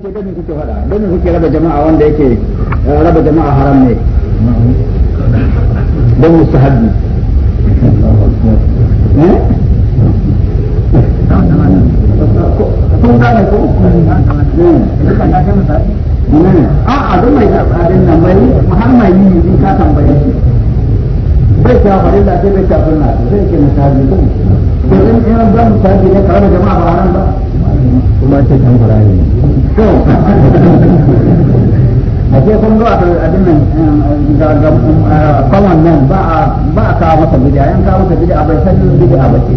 kuke gani raba jama'a wanda yake eh, raba jama'a haram ne don eh? eh. A'a don mai nan bai muhammad yi yi ka tambaye shi. ta faɗi bai ta ke Ko in ne ka raba jama'a ba haram ba. Pembaca kan orang ini. So, apa pun doa tu ada men dalam kawan men ba ba kawan sebidang yang kawan sebidang apa sahaja sebidang apa sih?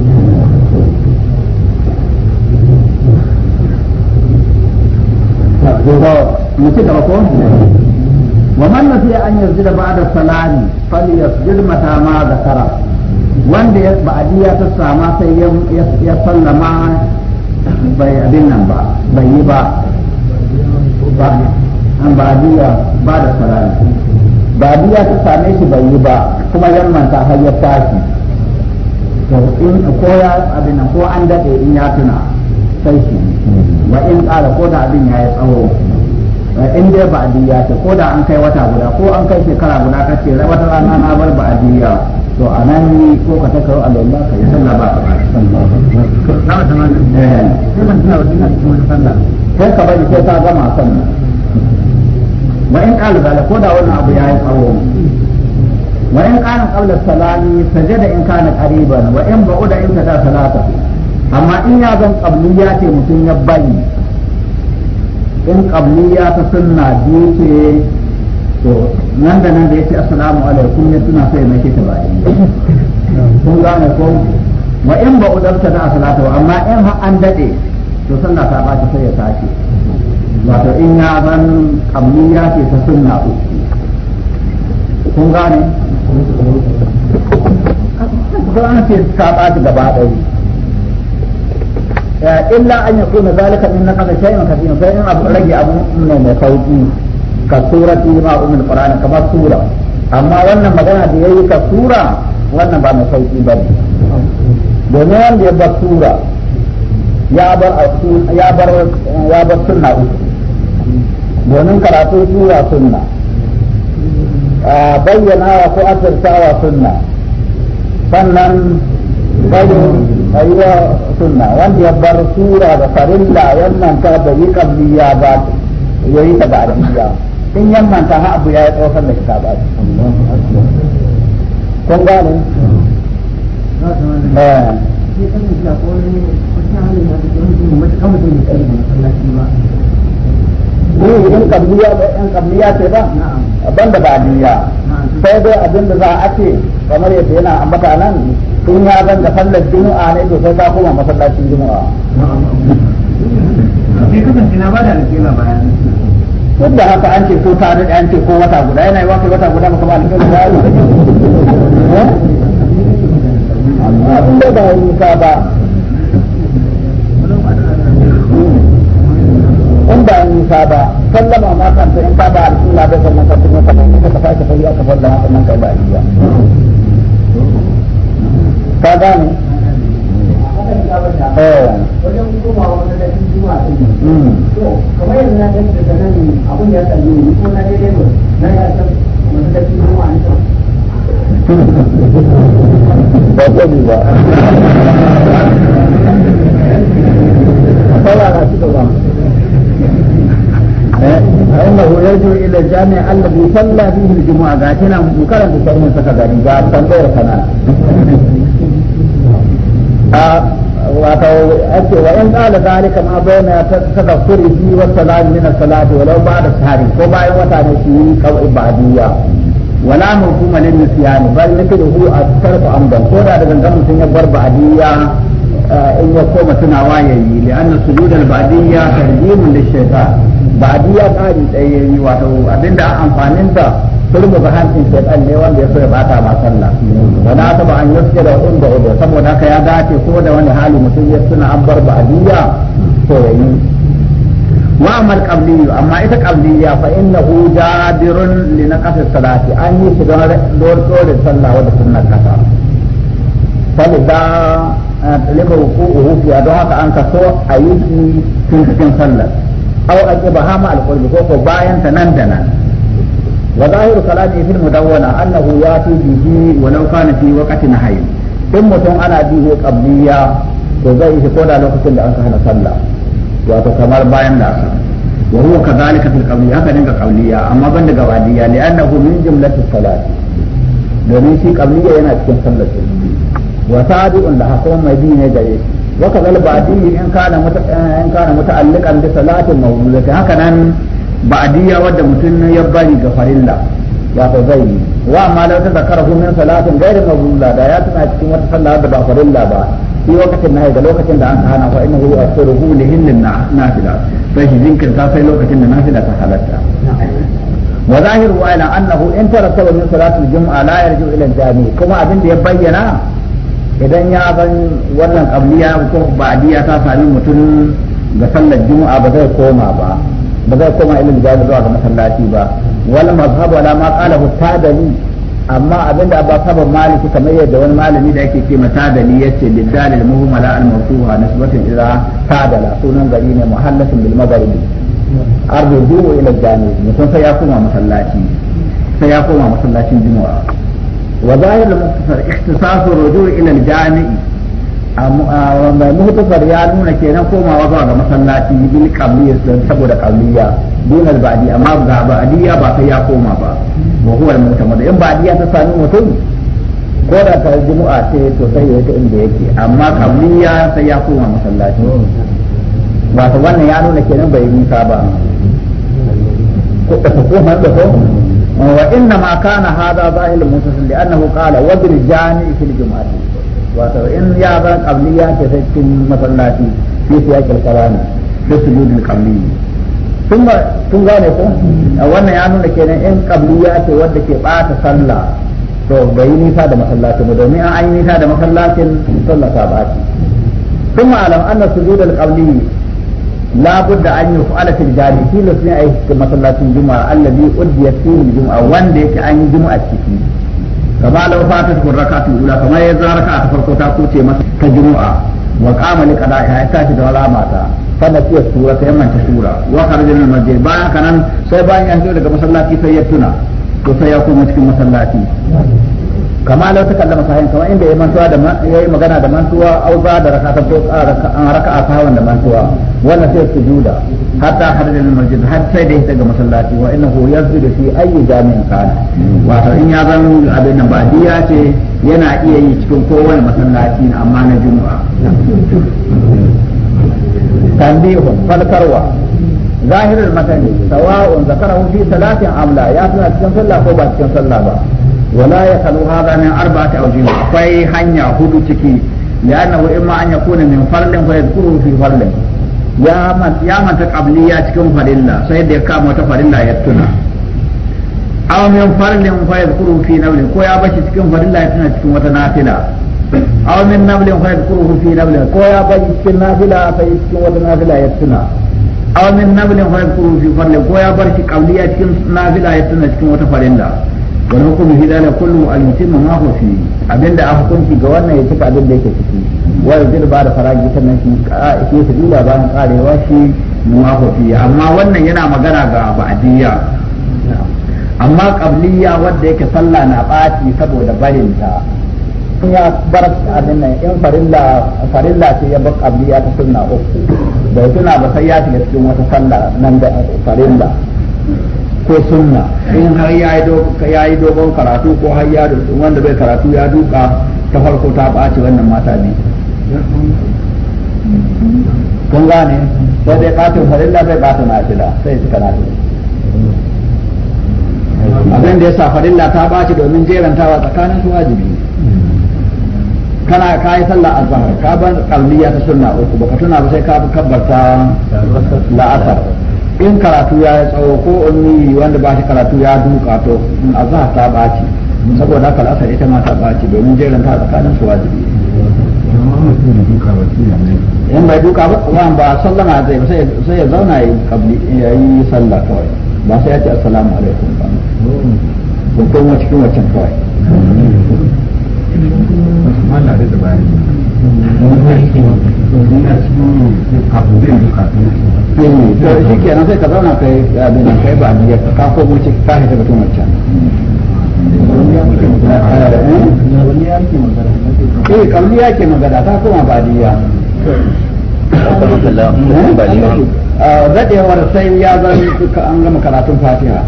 Jadi, mesti dah tahu. Waman nafi an yasjid ba'da salani fal yasjid mata ma dhakara wanda sama sai ya ya sallama bai abin nan ba bai yi ba ba an badiya ba da sarari badiya ta same shi bai yi ba kuma yammanta har ya tashi to in ko ya abin nan ko an dade in ya tuna sai shi wa in kara ko da abin ya yi tsawo in dai ba'adiyya ce ko da an kai wata guda ko an kai shekara guda kace wata rana na bar biya. to a nan ne ko ka ta karo ka yi sallah ba eh. sai ka bari sai ta gama sannan wa in qala bala ko da abu tsawo wa in qala qabla salami in kana wa in ba'uda in kada salata amma in ya zan ya ce mutum ya bari in ya ta sunna biyu to nan da nan da yace assalamu alaikum ya tuna sai mai ta bai kun gane ko wa in ba udarta da salata amma in har an dade to sallah ta bata sai ya tashi wato in ya zan kamniya ce ta sunna uku kun gane ko an ce ta bata gaba dai eh, illa an yakuna zalika min naqad shay'in kadin sai in abu rage abu mai sauki ka surati ma umul qur'an kamar sura amma wannan magana da yayi ka sura wannan ba mai sauki ba ne domin wanda ya bar sura ya bar ya bar ya bar sunna uku domin karatu sura sunna bayyana wa ko wa sunna sannan bayyana aiwa sunna wanda ya bar sura da farilla wannan ta da yi kabliya ba yayi ta ba in yamman ha abu ya yi tsofar da shi ta ba kun gane eh. ne in kabliya in kabliya ce ba ban da badiya sai dai abin da za a ce kamar yadda yana ambata nan in ya ban da fallar juma'a ne to sai ta koma masallacin juma'a ne kasance na ba da alƙila bayan duk da haka an ce ko ta da an ce ko wata guda yana yi wata wata guda ba alƙalin da yaro abin da ba wuta ba in ba ba sallama ma in ka ba alƙalla bai sannan ka ka aka sannan ba ka gane wajen ba da juma'a ne ba kwani يرجع إلى الجامع الذي صلى فيه الجمعة wato ake wa in qala zalika ma bayna tadakkuri fi wa da min salati walau ba'da sahari ko bayan wata ne shi kaw ibadiyya wala hukuma lin nisyan bal nikruhu at-tarku amdan ko da da gangan ya bar ba'diyya eh, in ya koma tunawa yayi li anna sujud al-ba'diyya tarjimun lish-shaytan ba'diyya qali tsayayi wato abinda amfanin ta sun mu hancin shaitan ne wanda ya so bata ma sallah wani asaba an yaske da inda udo saboda haka ya dace ko da wani hali mutum ya suna an bar ba'adiyya to ya yi wa amal qabliyu amma ita qabliya fa innahu jadirun li naqas salati an yi shi don don tsore sallah wanda sunna kasa falida talaba eh, ruku'uhu fi don haka an kaso ayi cikin cikin sallah aw aqibaha hama alqurbi ko ko bayan ta nan da nan وظاهر كلامه في المدونة أنه يأتي به ولو كان في وقت نهي إن متون أنا به قبلية وزيه كودا لوقت اللي أنك هنا صلى وتكمر باين لأسا وهو كذلك في القبلية هكذا نقى قبلية أما بند قوادية لأنه من جملة الصلاة domin shi qabliya yana cikin sallar sunni wa tabi'un laha kuma mai bi ne gare shi wa kadhal ba'dihi in kana in kana muta'alliqan bi salatin mawludati haka nan ba'diyya wadda mutum ya bari ga farilla wato zai yi wa amma lau ta zakara hu min salatin gairi mabrula da ya tana cikin wata sallah da ba farilla ba shi lokacin na ga lokacin da an hana fa inna hu asiruhu li na nafila sai shi jinkirta sai lokacin da nafila ta halatta wa zahiru ala annahu in tarattaba min salatil jum'a la yarju ila jami kuma abin da ya bayyana idan ya ban wannan qabliya ko ba'diya ta sami mutum ga sallar juma'a ba zai koma ba ba zai koma ilil da zuwa ga masallaci ba wal mazhab wala ma qalahu tadani amma abinda abba saba maliki kamar yadda wani malami da yake ce mata dali yace lidalil muhammala al mawsuha nisbatan ila tadala sunan gari ne muhallatin bil magharibi arjudu ila jami'i mutum sai ya koma masallaci sai ya koma masallacin juma'a wa zahirul mukhtasar ikhtisasu rujuu ila al jami'i Ah, wanda muhtasar ya nuna kenan komawa zuwa ga masallaci bil qabliya saboda qabliya dun al ba'di amma ga ba'diya ba sai ya koma ba wa huwa al mu'tamad in ba'diya ta sami mutum ko da ta jumu'a ce to sai ya ta inda yake amma sai ya koma masallaci ba ta wannan ya nuna kenan bai nisa ba ko ta koma da ko wa inna ma kana zahil annahu qala jani fil jumu'ati wato in ya bar qabliya ke sai cikin masallaci sai su yake kawani da su gudun qabli kun ga kun gane ko wannan ya nuna kenan in qabliya ce wanda ke bata sallah to bai yi nisa da masallacin mu domin an yi nisa da masallacin sallah ta baci ثم اعلم ان السجود القبلي لا بد ان يفعل في الجامع في لسنا اي مسلات الجمعه الذي اديت فيه الجمعه وان ديك ان جمعه ciki. kama law fatat kun rak'atu ula kama ya zaraka raka'a ta farko ta kuce masa ta jumu'a wa qama li qada'i ya tashi da wala mata fa na fiye sura ta yamman ta sura wa kharaja min masjid bayan kanan sai bayan ya zo daga masallaci sai ya tuna to sai ya koma cikin masallaci kama lau takallama sahin kama inda ya mantuwa da yi magana da mantuwa au ba da raka'a ko an raka'a sawan da mantuwa wannan sai sujuda hatta hadda da masjid har sai da ya ga masallaci wa innahu yazdu fi ayyi jami'in kana wato in ya zan abin nan ba diya ce yana iya yi cikin kowane masallaci na amma na juma'a tanbihun falkarwa zahirar matani sawa'un zakarahu fi salatin amla ya tana cikin sallah ko ba cikin sallah ba wala ya salu ala albasa awu juna. wa hanya hudu ciki yana wa ima anya kuna min farle kuyabkuru fi farle. ya manta ya manta kabali ya cikin farin sai dai kama ta farin ya tuna. awa min farle kuyabkuru fi na bile koya ba cikin farin ya tuna cikin wata na fi min na bile kuyabkuru fi na bile koya ba shi na bi la wata na ya tuna. awa min na bile kuyabkuru fi farle koya ba shi kabali cikin na ya tuna cikin wata farin wani hukumi hidala kullum al-mutimmu ma huwa fi abinda a hukunci ga wannan ya cika abin da yake ciki wa yadil ba da faraji sannan shi shi su duba bayan karewa shi ma huwa fi amma wannan yana magana ga ba'diyya amma qabliya wanda yake sallah na bati saboda barinta in ya bar abin nan in farilla farilla ce ya bar qabliya ta sunna uku da suna ba sai ya shiga cikin wata sallah nan da farilla ko sunna in har ya yi dogon karatu ko har ya wanda bai karatu ya duka ta farko ta ɓaci wannan mata ne kun gane sai dai ɓatin farilla bai ɓata nafila sai suka nafila abin da ya sa farilla ta ɓaci domin jerantawa tsakanin su wajibi kana ka yi sallah azhar ka ban kalliya ta sunna uku baka tuna ba sai ka kabbarta la'asar in karatu ya yi tsawo ko wani wanda ba shi karatu ya duka to in azhar ta baci saboda haka al'asar ita ma ta baci domin jerin ta tsakanin su wajibi in bai duka ba ran ba sallama zai sai ya zauna yi kabli ya yi sallah kawai ba sai ya ce assalamu alaikum ba ko kuma cikin waccan kawai shi ke nan sai ka zauna kai abin nan kai ba ka kafo batun wancan eh ya ke magana ta koma sai ya zama an gama karatun fatiha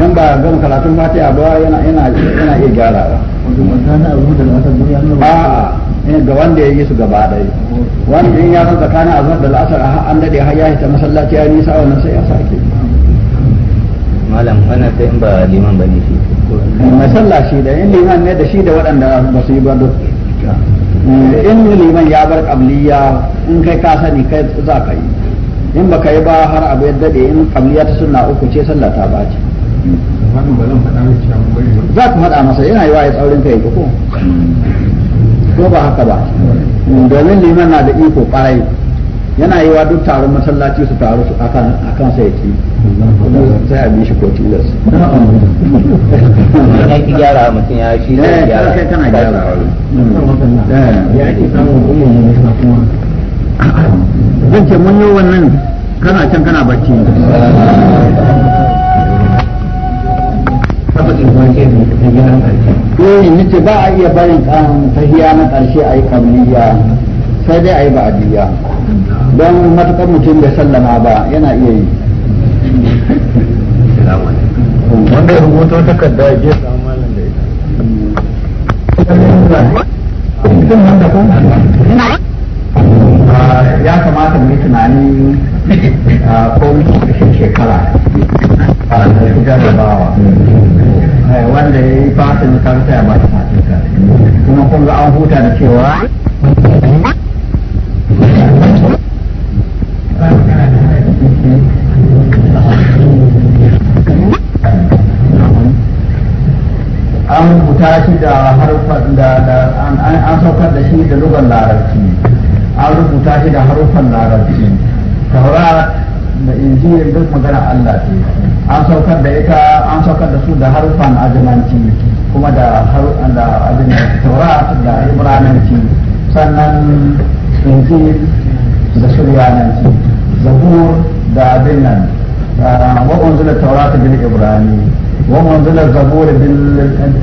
ba gama karatun fatiha ba yana iya gyara ba ga wanda ya yi su gaba ɗaya wanda in ya san tsakanin azhar da al'asar an dade har ya hita masallaci ya nisa wannan sai ya sake malam wannan sai in ba liman bane shi masallaci da in liman ne da shi da waɗanda ba su yi ba duk eh, in liman ya bar qabliya in kai ka sani kai za ka yi in ba ka yi ba har abu ya dade in qabliya ta suna uku ce sallah ta bace za ku faɗa masa yana yi wa ya tsaurin kai ko hmm. ko ba haka ba domin liman na da iko kwarai yana yi wa duk taron masallaci su taru su akan akan sai ya ci sai a bi shi ko tilas ya ki gyara mutum ya shi ne eh, gyara kai kana gyara eh. ya ki samu umman kuma zan ce mun yi wannan kana can kana bacci ce ba a iya barin tahiya na ƙarshe a yi kabliya sai dai a yi ba'adiyya don matuƙar mutum bai sallama ba yana iya yi wanda ya rubuta takarda ya je ya kamata mu yi tunani ah, ko mutum shekara jarabawa wanda ya yi fasin karsa ya bata fasin kuma kun ga an huta da cewa an huta shi da harfan da an saukar da shi da lugar larabci an rubuta shi da harufan larabci taurat da injiyar duk magana Allah ce an saukar da ita an saukar da su da harufan ajamanci kuma da harufan da ajamanci taura da ibrananci sannan injil da suryananci zabur da abin nan wa unzila taurata bil ibrani wa unzila zabur bil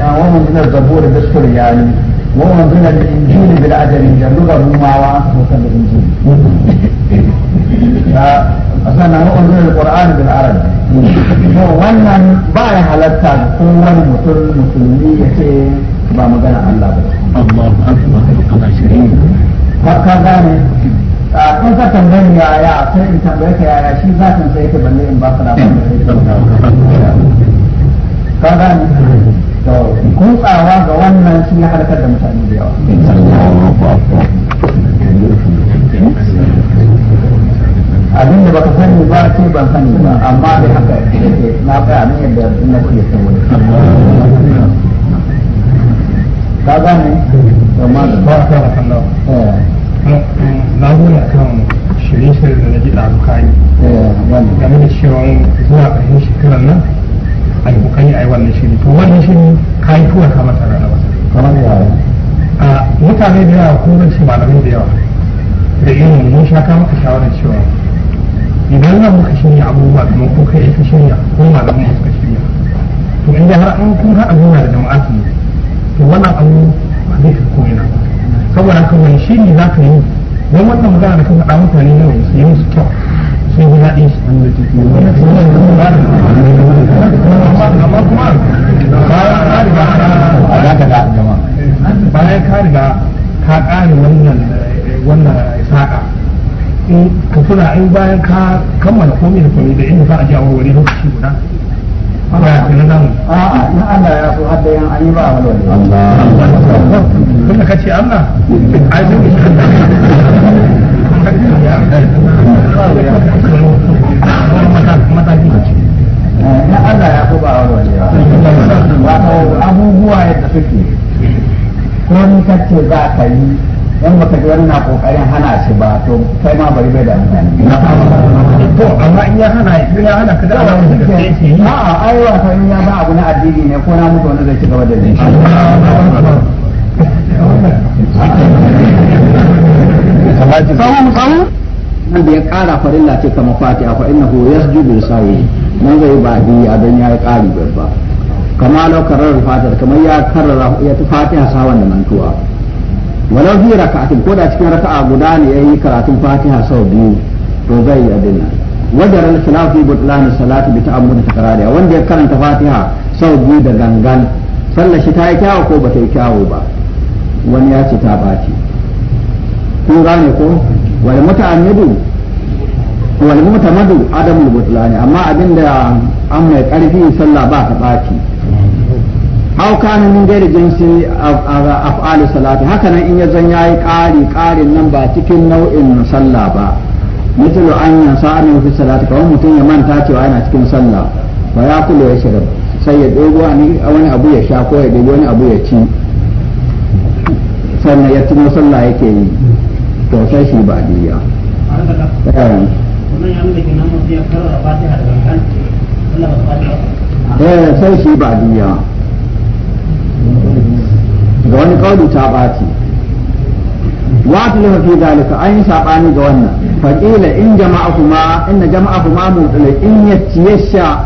wa unzila zabur bil suryani wa unzila al injil bil ajami da lugar rumawa to kan injil sannan wa'azin alƙur'ani bil arabi to wannan ba ya halatta ga kowane mutum musulmi ya ce ba magana Allah ba Allahu akbar ka ka gane a kun ka tambaye ya ya sai in tambaye ka ya shi za ka sai ka balle in ba ka ka gane to kun tsawa ga wannan shi ya halakar da mutane da yawa larabci ban sani ba amma dai haka na tsaya nan yadda na ce sun wani ka gane amma da ba ta da kallon eh. na gode kan shirin shirin da na ji ɗalukani eh, game da cewa zuwa ƙarshen shekarar nan a yi kokari a yi wannan shiri to wannan shiri ka yi tuwa kamar mata rana ba kamar yaya a mutane da yawa ko zan ce malamai da yawa da irin mun sha ka maka shawarar cewa idan nan muka shirya abubuwa kuma ko kai ka shirya ko malamin mu suka shirya to inda har an kun har abu da jama'a ne to wannan abu ba zai fi ko ina saboda haka wani shiri za ka yi don wannan magana da ka faɗa mutane na wani su yi musu kyau su da daɗi amma kuma bayan ka riga bayan ka riga ka ƙare wannan wannan saƙa in ka kula in bayan ka kammala komai da komai da inda za a ji a warware lokaci guda a'a na Allah ya so hadda yan ani ba wani wani Allah kuma ka ce Allah ai mun eh, na Allah ya so wani wani wato abubuwa yadda suke ko ni kace za ka yi in baka ji na kokarin hana shi ba to kai ma bari bai da to amma in ya hana ya hana ka da alamun da kai a a ai ya ba abu na addini ne ko na mutu wanda zai ci gaba da zai sawu nan da ya kara farilla ce kama fatiha fa innahu yasjudu sawi nan zai ba biya don ya yi kari babba kama lau karar fatar kamar ya karara ya fatiha sawan da mantuwa walau fi raka'atin ko da cikin raka'a guda ne yayi karatun Fatiha sau biyu to zai yi abin nan wadda ran salafi butlan salati bi ta'ammud takrariya wanda ya karanta Fatiha sau biyu da gangan sallar shi ta yi kyawu ko ba ta yi kyawu ba wani ya ce ta baci kun gane ko wal muta'ammidu wal mutamadu adamul butlani amma abinda an mai karfi sallah ba ta baci hau kana min gairi jinsi af'alu salati haka nan in ya zan yayi ƙari ƙarin nan ba cikin nau'in sallah ba mutum an sa'ar an fi salati kawai mutum ya manta cewa yana cikin sallah ba ya kula ya shirin sai ya dogo wani abu ya sha ko ya dogo wani abu ya ci sannan ya tuno sallah yake yi to sai shi ba diya eh, eh sai shi ba diya ga wani kawai ta ɓaci wa tulha fi dalika an yi saɓani ga wannan faƙila in jama'a kuma inna jama'a kuma mutala in ya sha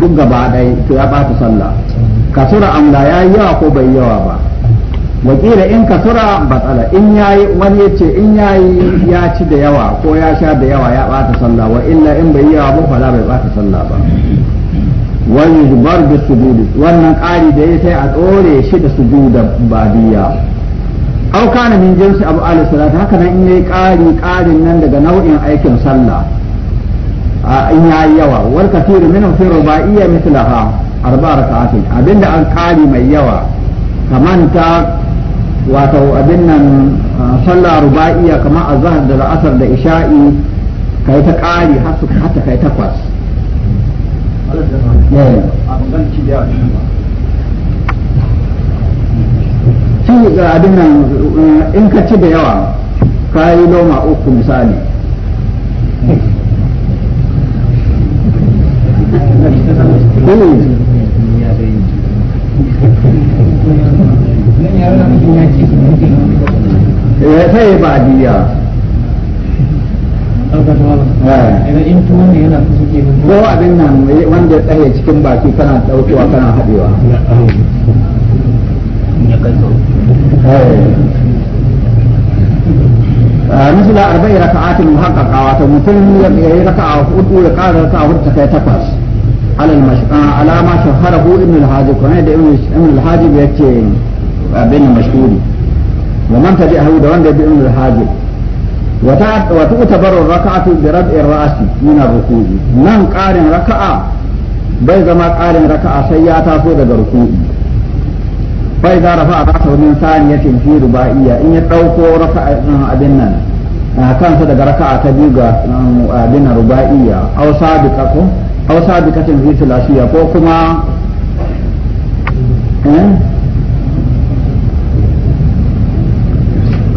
duk gaba ɗai to ya ɓata sallah kasura amla yi yawa ko bai yawa ba waƙila in kasura batsala in yi wani ya ce in yi ya ci da yawa ko ya sha da yawa ya bata sallah wa illa in bai yawa ba fala bai bata sallah ba wani zubar da wannan ƙari da ya sai a ɗore shi da sujuda badiya au kana min jinsi abu ali salatu haka nan in yayi ƙari ƙarin nan daga nau'in aikin sallah in yayi yawa wal kathiru minhum fi rubaiya mithlaha arba'a rak'atin abinda an ƙari mai yawa kaman ta wato abin nan sallah ruba'iya kaman azhar da la'asar da isha'i kai ta ƙari har su kai takwas ci abin nan eh, in ka ci da yawa ka yi loma uku misali ya eh, sai ba diya eh. in tuwon ne yana ko abin nan wanda ya tsaye cikin baki kana daukewa kana haɗewa مثل أربع ركعات محققة وتمثل يأي ركعة أخرى وقال ركعة أخرى تكي تقص على المش... على ما شهره ابن الحاجب كما يدعي ابن الحاجب يكي بين المشهور ومن تبعه دوان ابن الحاجب وتعتبر الركعة بردء الرأس من الركوع من قال ركعة بيد ما قال ركعة سيئة فوق الركوع فإذا رفع رأسه من ثانية في رباعية إن يتوقع ركعة أبنا كان صدق ركعة تبيغ أبنا رباعية أو سابقة أو سابقة في ثلاثية فوقما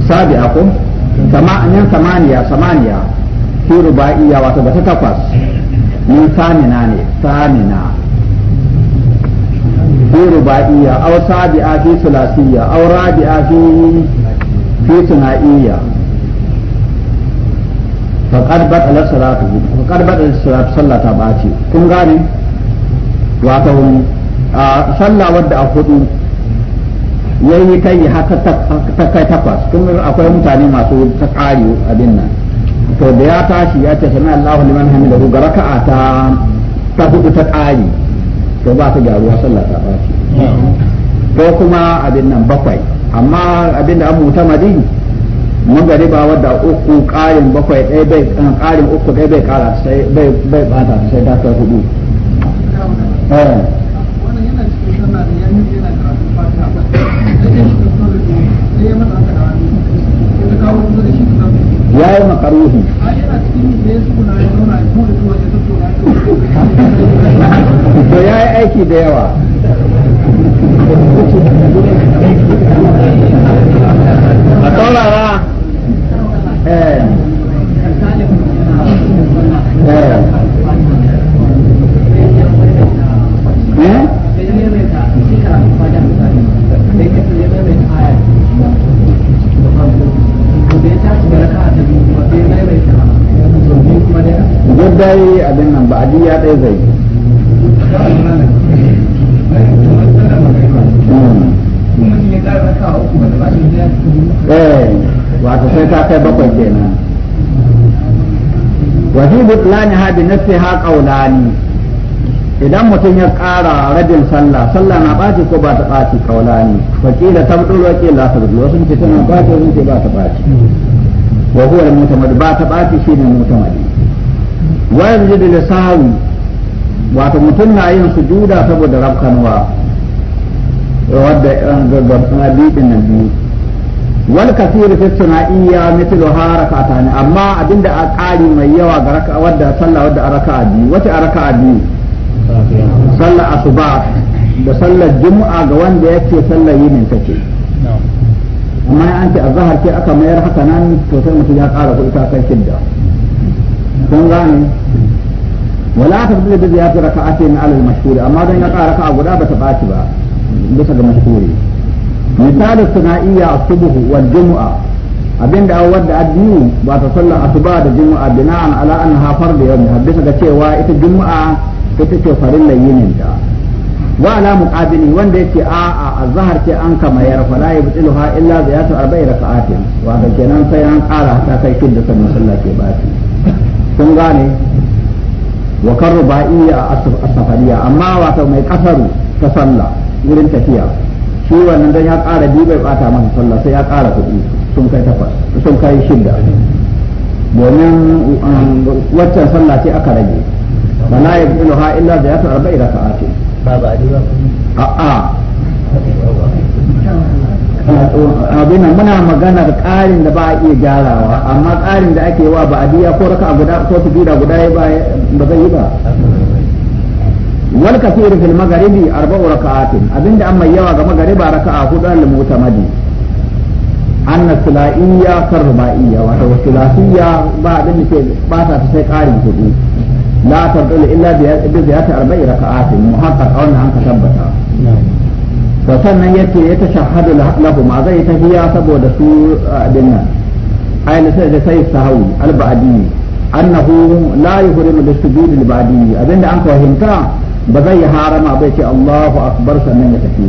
سابقة samanin samaniya samaniya fi ruba'iyya wato da ta takwas min samina ne samina fi ruba'iyya aw sabi'a fi sulasiyya aw rabi'a fi fi suna'iyya fa qarbat ala salatu fa qarbat ala salatu sallata ba ce kun gane wato a sallah wadda a hudu yayi ta yi haka ta kai takwas kuma akwai mutane masu ta tsari abin nan to da ya tashi ya ce sami Allahu liman hamidahu ga raka'a ta ta hudu ta tsari to ba ta gyaruwa sallah ta baci ko kuma abin nan bakwai amma abin da an gari ba wadda uku karin bakwai ɗaya bai karin eh, uku ɗaya bai kara sai bai bai bata sai ta hudu eh. ya yi makaruhi to ya yi aiki da yawa a taurara eh dai abin nan ba ya dai zai eh, wato sai ta kai bakwai kenan butlani ha bi idan mutum ya ƙara rabin sallah sallah na ɓaci ko ba ta ɓaci kaulani ta mutu ta wasu ce tana ɓaci wasu ɓaci wa ba ta ɓaci wa yanzu da sahawi wata mutum na yin sujuda saboda rafkanuwa wadda ga bibin nan biyu wal kasiru fi sunaiya ta ne amma abinda a kari mai yawa ga raka wadda sallah wadda araka biyu wace araka biyu sallah asuba da sallar jumu'a ga wanda yake sallar yinin take amma an ce azhar ke aka mayar haka nan to sai mutum ya ƙara ku ita kai shidda kun gane wala da bi ziyati raka'atin ala alal mashhur amma dan ya ƙara raka'a guda bata baci ba bisa ga mashhuri misali sunaiya su buhu wal jumu'a abinda awwal a addu ba ta sallar asuba da jumu'a bina'an ala annaha fardu yawm bisa ga cewa ita jumu'a ita ce farin yinin ta wa ala muqabili wanda yake a a azhar ce an kama yar fala ha illa ziyatu arba'i raka'atin wa kenan sai an ƙara ta kai kin da ke baci sun gane wa iya a asafariya amma wata mai kasaru ta sallah wurin tafiya shi wannan dan ya ƙara biyu bai bata masa sallah sai ya ƙara kuɗi sun kai takwas sun kai shida domin um, waccan sallah ce aka rage wala ha illa da yatu arba'i ake ba ba a a abinan muna magana karin ƙarin da ba a iya gyarawa amma ƙarin da ake wa ba a biya ko raka guda ko sujuda guda ya ba zai yi ba wal kafir fil magharibi arba'u raka'atin abinda an yawa ga magariba raka'a hudu al mutamadi anna sulaiya kar rubaiya wato sulaiya ba abin da ke ba ta sai ƙarin hudu la tadul illa bi ziyati arba'i raka'atin muhaqqaq wannan an ka tabbata to sannan yace ya tashahhadu lahum zai tahiya saboda su abin nan ai sai da sai sahawi al-ba'di annahu la yuhrimu lisujud al-ba'di abinda an fahimta ba zai harama bai ce Allahu akbar sannan ya tafi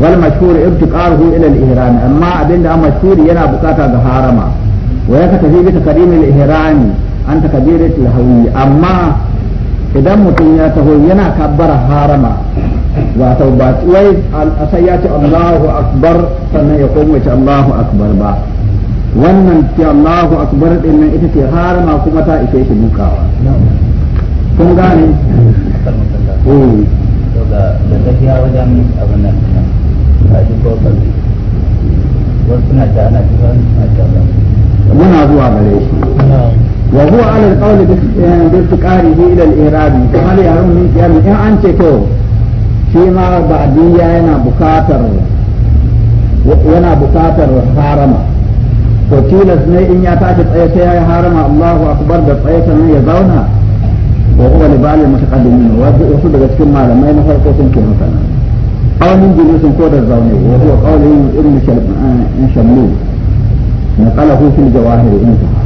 wal mashhur ibtiqaruhu ila al-ihram amma abinda an mashhur yana bukata ga harama wa yaka tafi bi takrim al-ihram an takbirat al-hawi amma idan mutum ya taho yana kabbara harama wato ba wai sai ya ce Allahu akbar sannan ya koma ce Allahu akbar ba wannan ce Allahu akbar din nan ita ce har ma kuma ta ishe shi dukawa kun gane eh da da ya wada wajen abin nan a ko kalli wasu suna ta ana ta muna zuwa gare shi wa huwa ala al-qawli وهو على القول بافتقاره الى الارادي فهل يرون من قيام an ce to shi ma ba'diyya yana bukatar yana bukatar harama to tilas ne in ya tashi tsaye sai ya yi harama Allahu akbar da tsaye sannan ya zauna wa huwa li ba'al mutaqaddimin wasu daga cikin malamai na farko sun ke haka nan qawlin julusin ko da zaune wa huwa qawlin ibn shalm an shamlu naqalahu fil jawahir intaha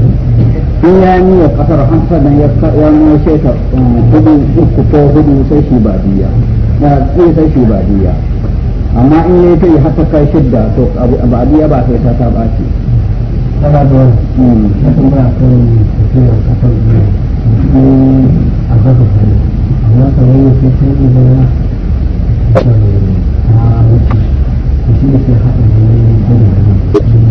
in ya wa kasar hamsadan ya wani shekar um, hudu uku ko hudu sai shi ba biya na tsaye eh, sai shi ba biya amma in ya kai yi hata kai shidda to ba biya ba sai ta ta ce Tana da hmm. a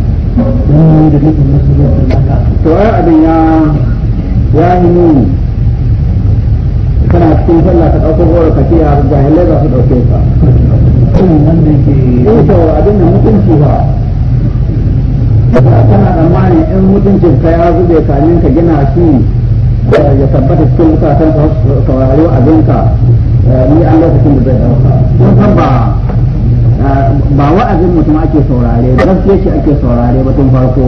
to ai abin ya ya yi nuni kana cikin sallah ka ɗauko goro ka ce a jahilai ba su ɗauke ka in eh to abin da mutunci ba kana tsammani in mutuncin ka ya zube kamin ka gina shi eh, ya tabbata cikin mutanen ka saurari abinka eh, ni an lokacin da zai ɗauka ba ba wa'azin mutum ake saurare ba gaskiya ce ake saurare ba tun farko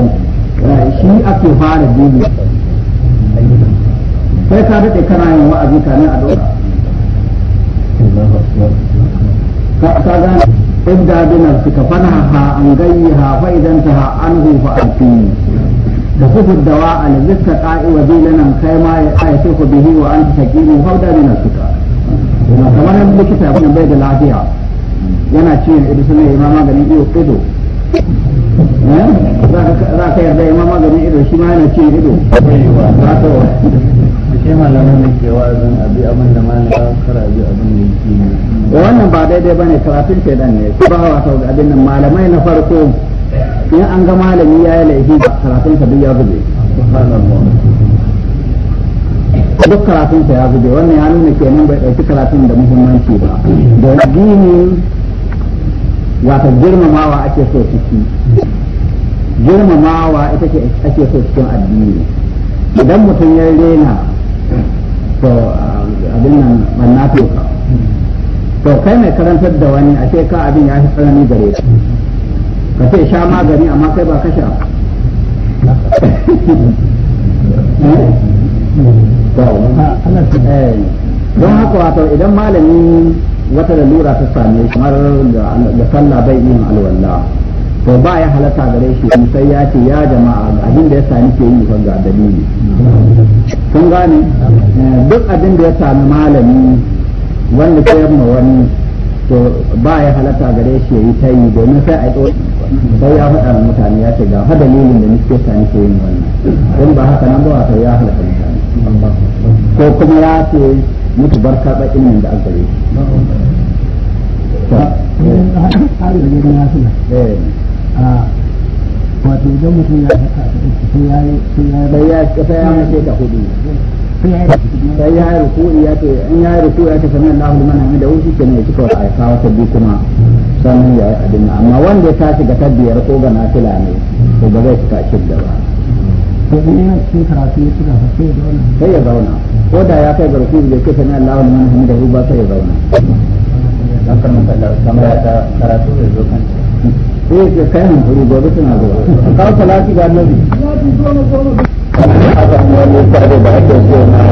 eh, shi ake fara dubi sai ka daɗe kana yin wa'azi kamin a ɗora ka gane ibda bin suka fana ha an gayyaha fa idan ta ha an hufa alfini da kufur da wa alziska ƙa'i wa zilanan kai ma ya ku bihi wa an ta shaƙi mu hauda binar suka kamar likita ya bai da lafiya yana ciwon ido sunan yi ma maganin ido ido eh? za ka yarda yi ma maganin ido shi ma yana ciwon ido za ka wa shi malaman da ke abi abin da abi abin da yake ne wannan ba daidai ne karatun shaidan ne ko ba wa sau abin nan malamai na farko in an ga malami ya yi laifi karatun sa duk ya zube duk karatun sa ya zube wannan ya nuna kenan bai ɗauki karatun da muhimmanci ba da addini wata girmamawa ake so ciki girmamawa ita ce ake so cikin addini idan mutum ya rena to ah, abin nan manna to to kai mai karantar da wani a ka abin ya fi tsanani gare ka ka ce sha magani amma kai ba ka sha eh? don haka wato idan malami wata lura ta same kamar da sallah bai yin alwala to ba ya halatta gare shi sai ya ce ya jama'a abin da ya sami ke yi ga dalili kun gane eh, duk abin da ya sami malami wanda ke yamma wani to ba ya halatta gare shi yi ta yi domin sai a yi sai ya faɗa mutane ya ce ga fa dalilin da nake sami ke yin wannan don ba haka nan ba wato ya halatta mutane ko kuma ya ce mutu barka ba ilimin da aka yi eh. eh. ah, wato idan mutum ya haka sai ya yi sai ya sai ya mace ta hudu sai ya yi ruku'i ya ce in ya yi ruku'i ya ce sami Allahu liman hamida wuce ke ne cika a kawo sabbi kuma sanin ya yi abin amma wanda ya tashi ga tabbiyar ko ga nafila ne to ba zai cika shidda ba يزنينا في كراتي سورة سيدونا سيدونا ودا يا كي بركيب جي كيف الله من هم ده با سيدونا ذكر مثلا كما تا كراتو يزوكن sai ke kai hankali gobe suna zuwa kawo salati ga annabi ya ci zo na zo na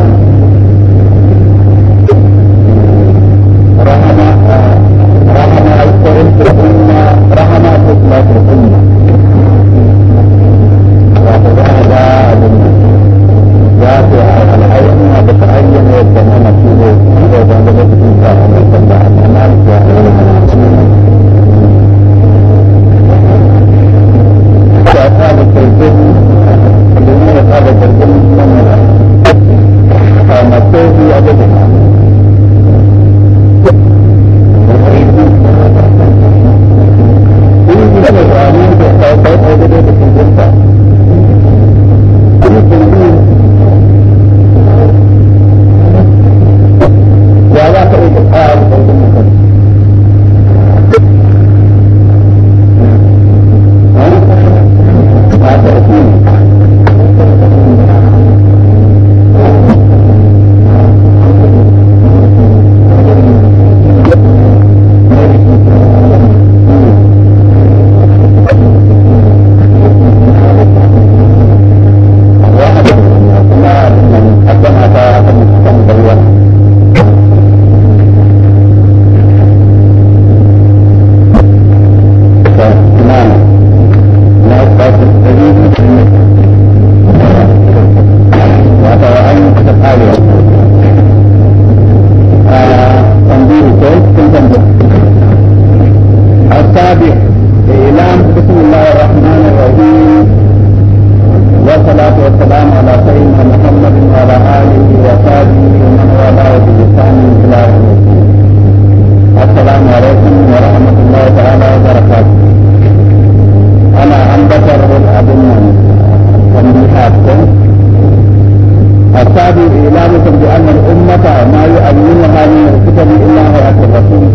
ما يؤمنون هذه الكتب الا هو الرسول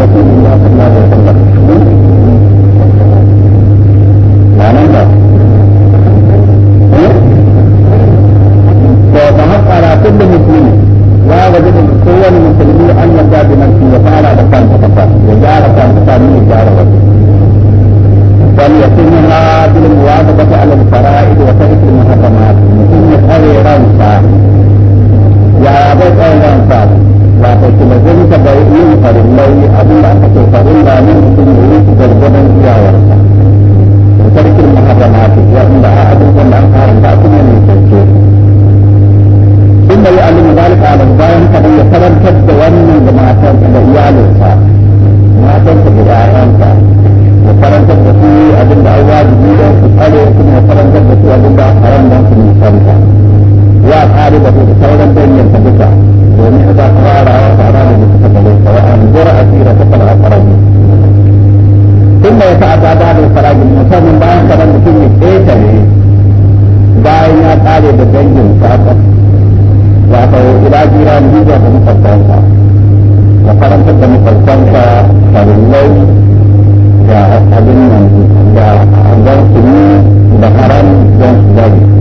رسول الله صلى الله عليه وسلم لا ننسى فحق على كل مسلم لا وجد قوة المسلمين أن يبدأ بنفسه وفعل بكان فقط وجعل كان فقط جار وليتمها بالموافقة على الفرائض وترك المحرمات ثم يقرر رمسا ya bai tsawon ran sa wato kuma zai ka bai yin farillai abin da aka ce farilla ne mutum da yi gargadan iyawarsa da tarkin maharamatu wanda a abubuwan da aka haramta kuma ne sauke inda ya alimu zalika a bayan kadan ya karantar da wannan da matansa da iyalinsa matansa da 'ya'yansa ya karantar da su abin da an wajibi don su tsare kuma ya karantar da su abin da haram don su nisanta wa tsari da sauran danyen ta duka domin a za ta fara wa fara da duka ta ko ta wa'an zura asira ta fara fara tun mai ta ta da fara da musamman bayan karan mutum ya ne bayan ya tsare da dangin sata ta ila jira ni da makwabtansa ya ta da makwabtansa farillai da abin nan da an gan da haram don su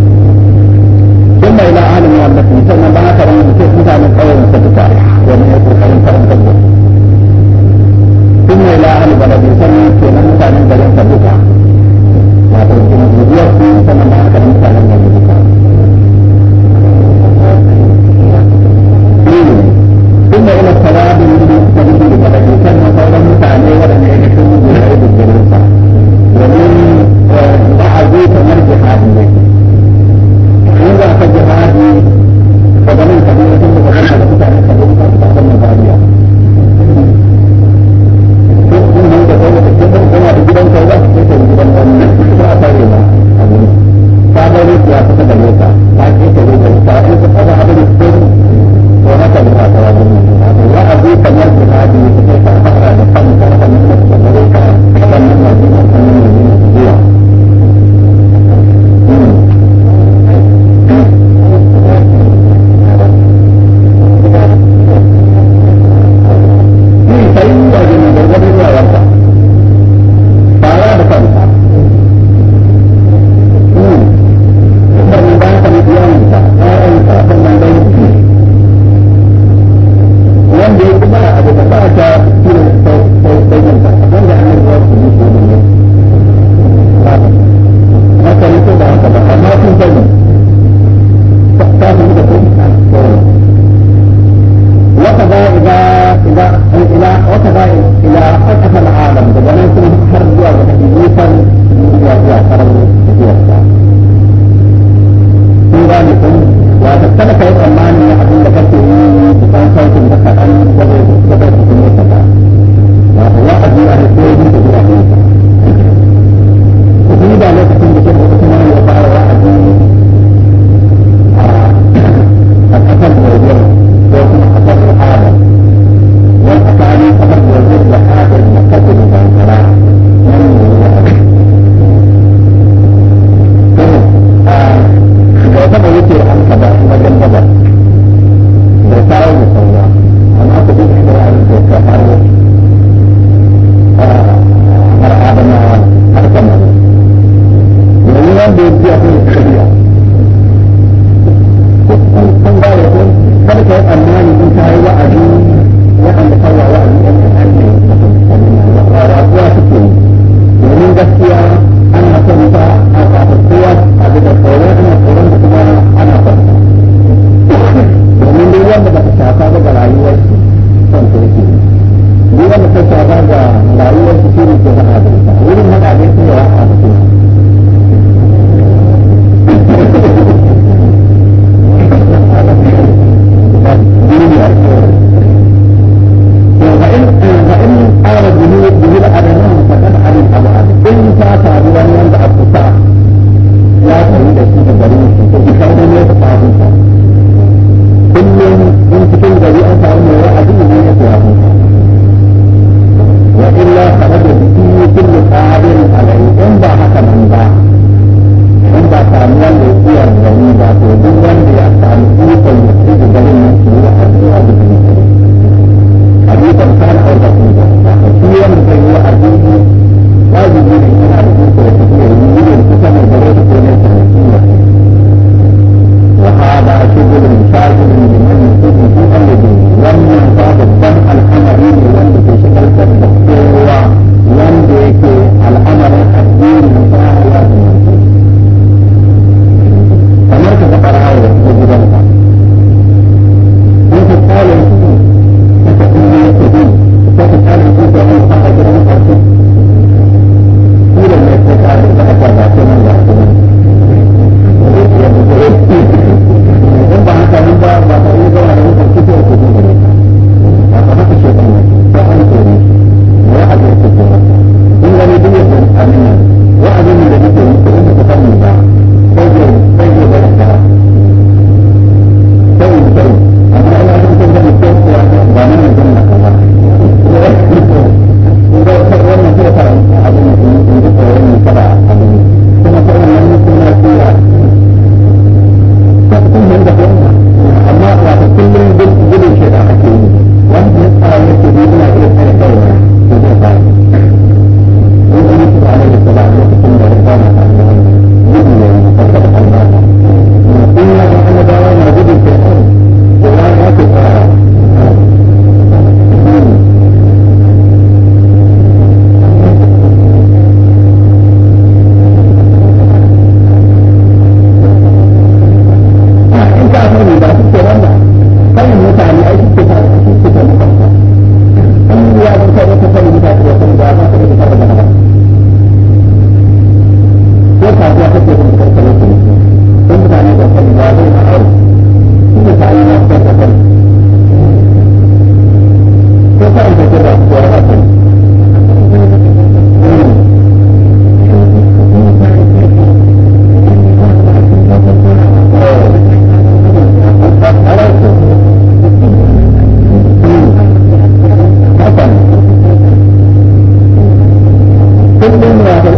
ثم إلى أهل مؤلفه ثم بعث لهم كيف مثال قوم فتكا ومن يقول قوم فرم ثم إلى أهل بلد ثم كان مثال قوم فتكا وقال كما ذكرت ثم بعث لهم مثال قوم فتكا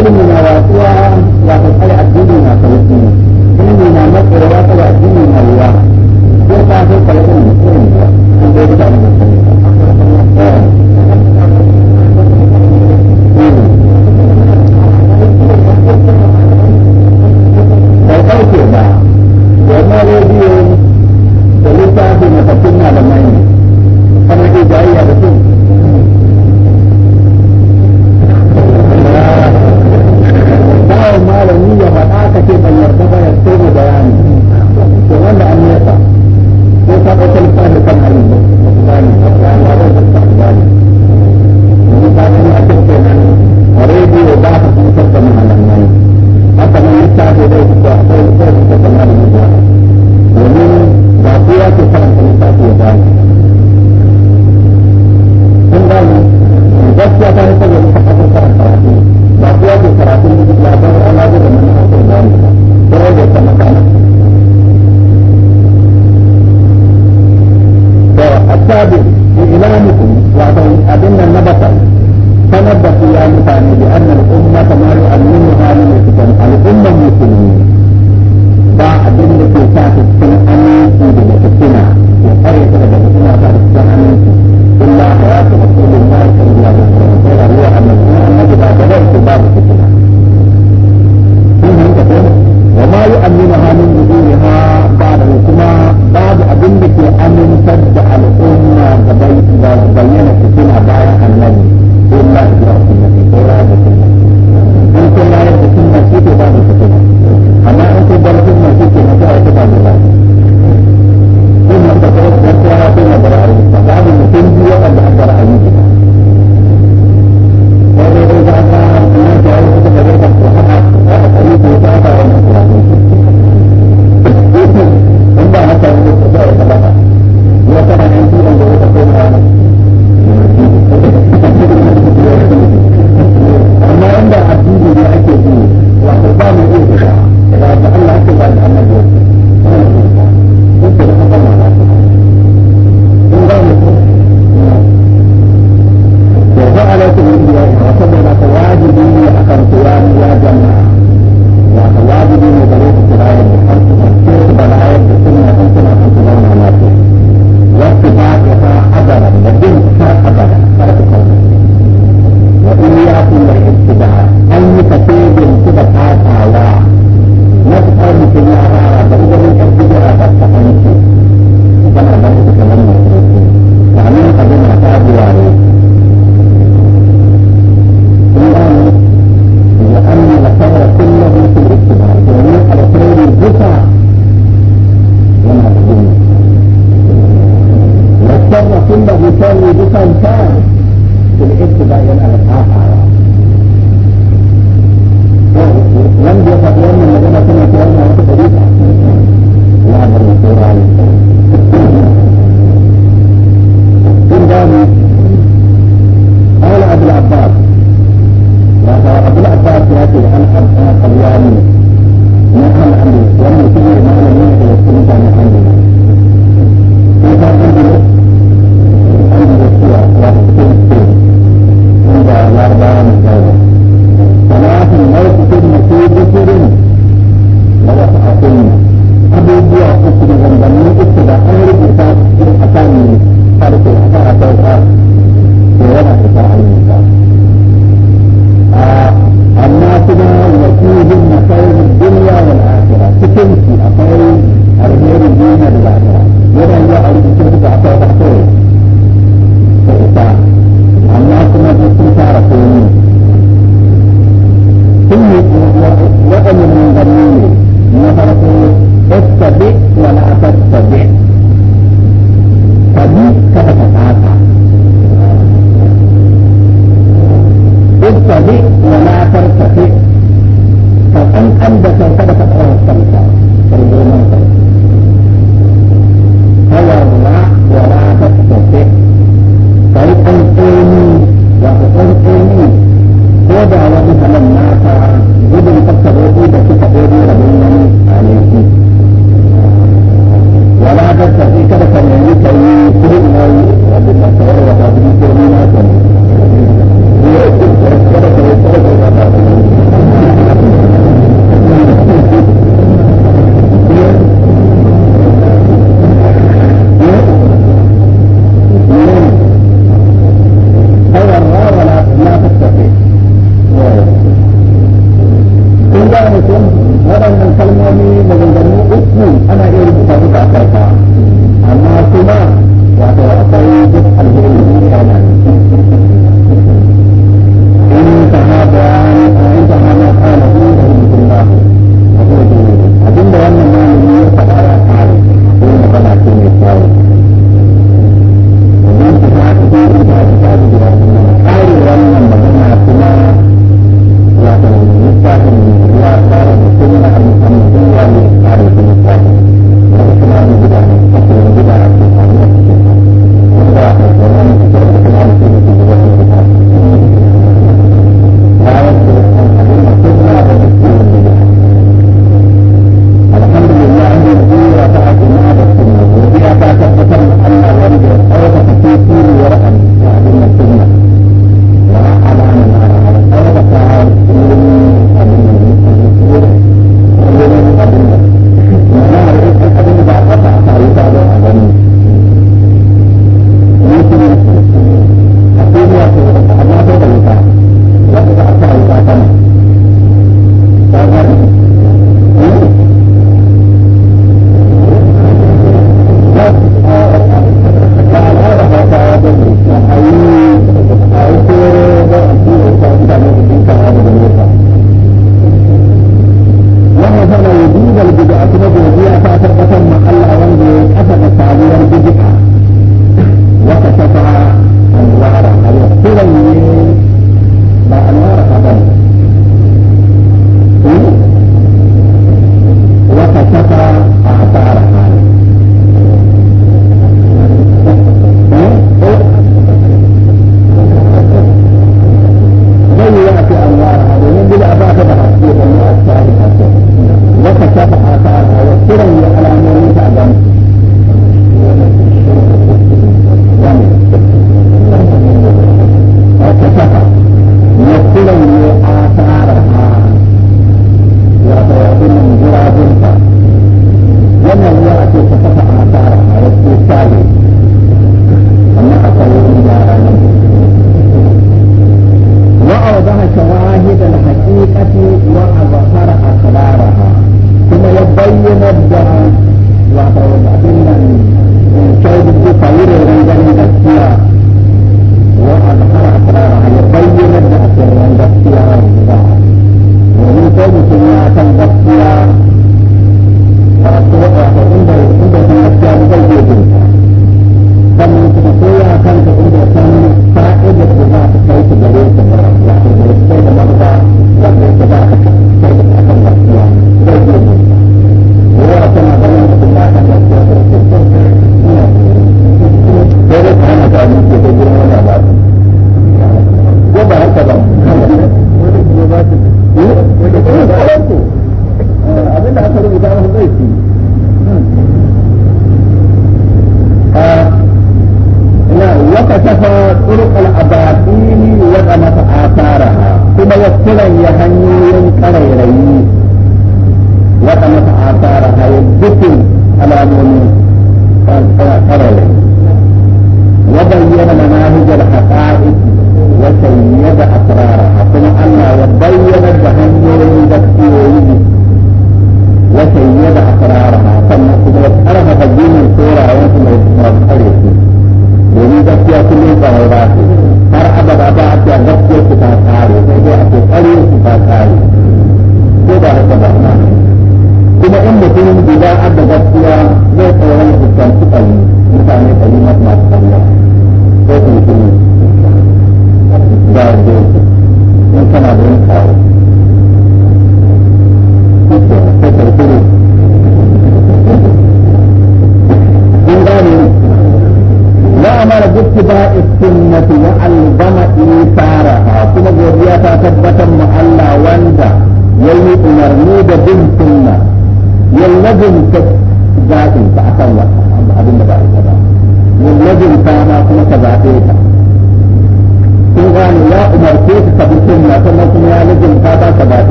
ilimi na wasuwa ya kasar addini na sauki ilimi na matsarwa ta addini na ruwa ko ta sai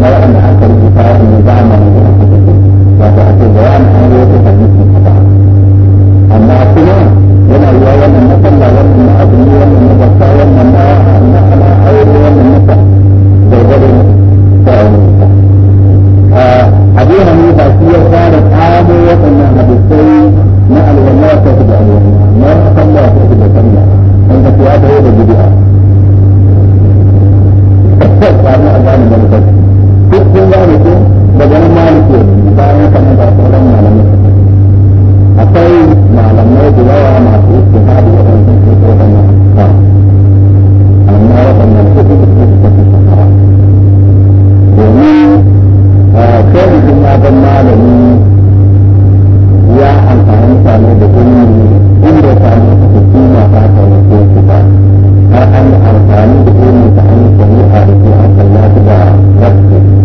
na waɗanda aka rubuta waɗanda za a da aka tafi wato ta ce da wani an yi wata hadisi kaza amma kuma yana yi wannan na sallah wannan na azumi wannan na zakka wannan na na ana aure wannan na gargado ta rubuta abu yana ba shi ya fara tsamo waɗannan hadisai na alwala ta fi da alwala na sallah ta fi da sallah wanda kuwa da yau da bidi'a. Kwanu a gane duk sun gane ko daga nan maliki bayan ya kama da sauran malamai akwai malamai da yawa masu yake hadu waɗanda sun ko waɗanda suka amma waɗanda su suka su suka fi sahara domin kai mutum ya ban malami ya amfani mutane da ilimi inda ya samu suka kima ta taimake su ba har an amfani da ilimi ta hanyar a da ke an sanya su da nafsu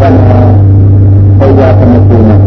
văn hóa hay ra trong một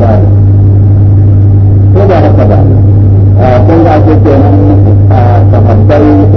ba ko da haka ba kun ga ko kenan a tabbatai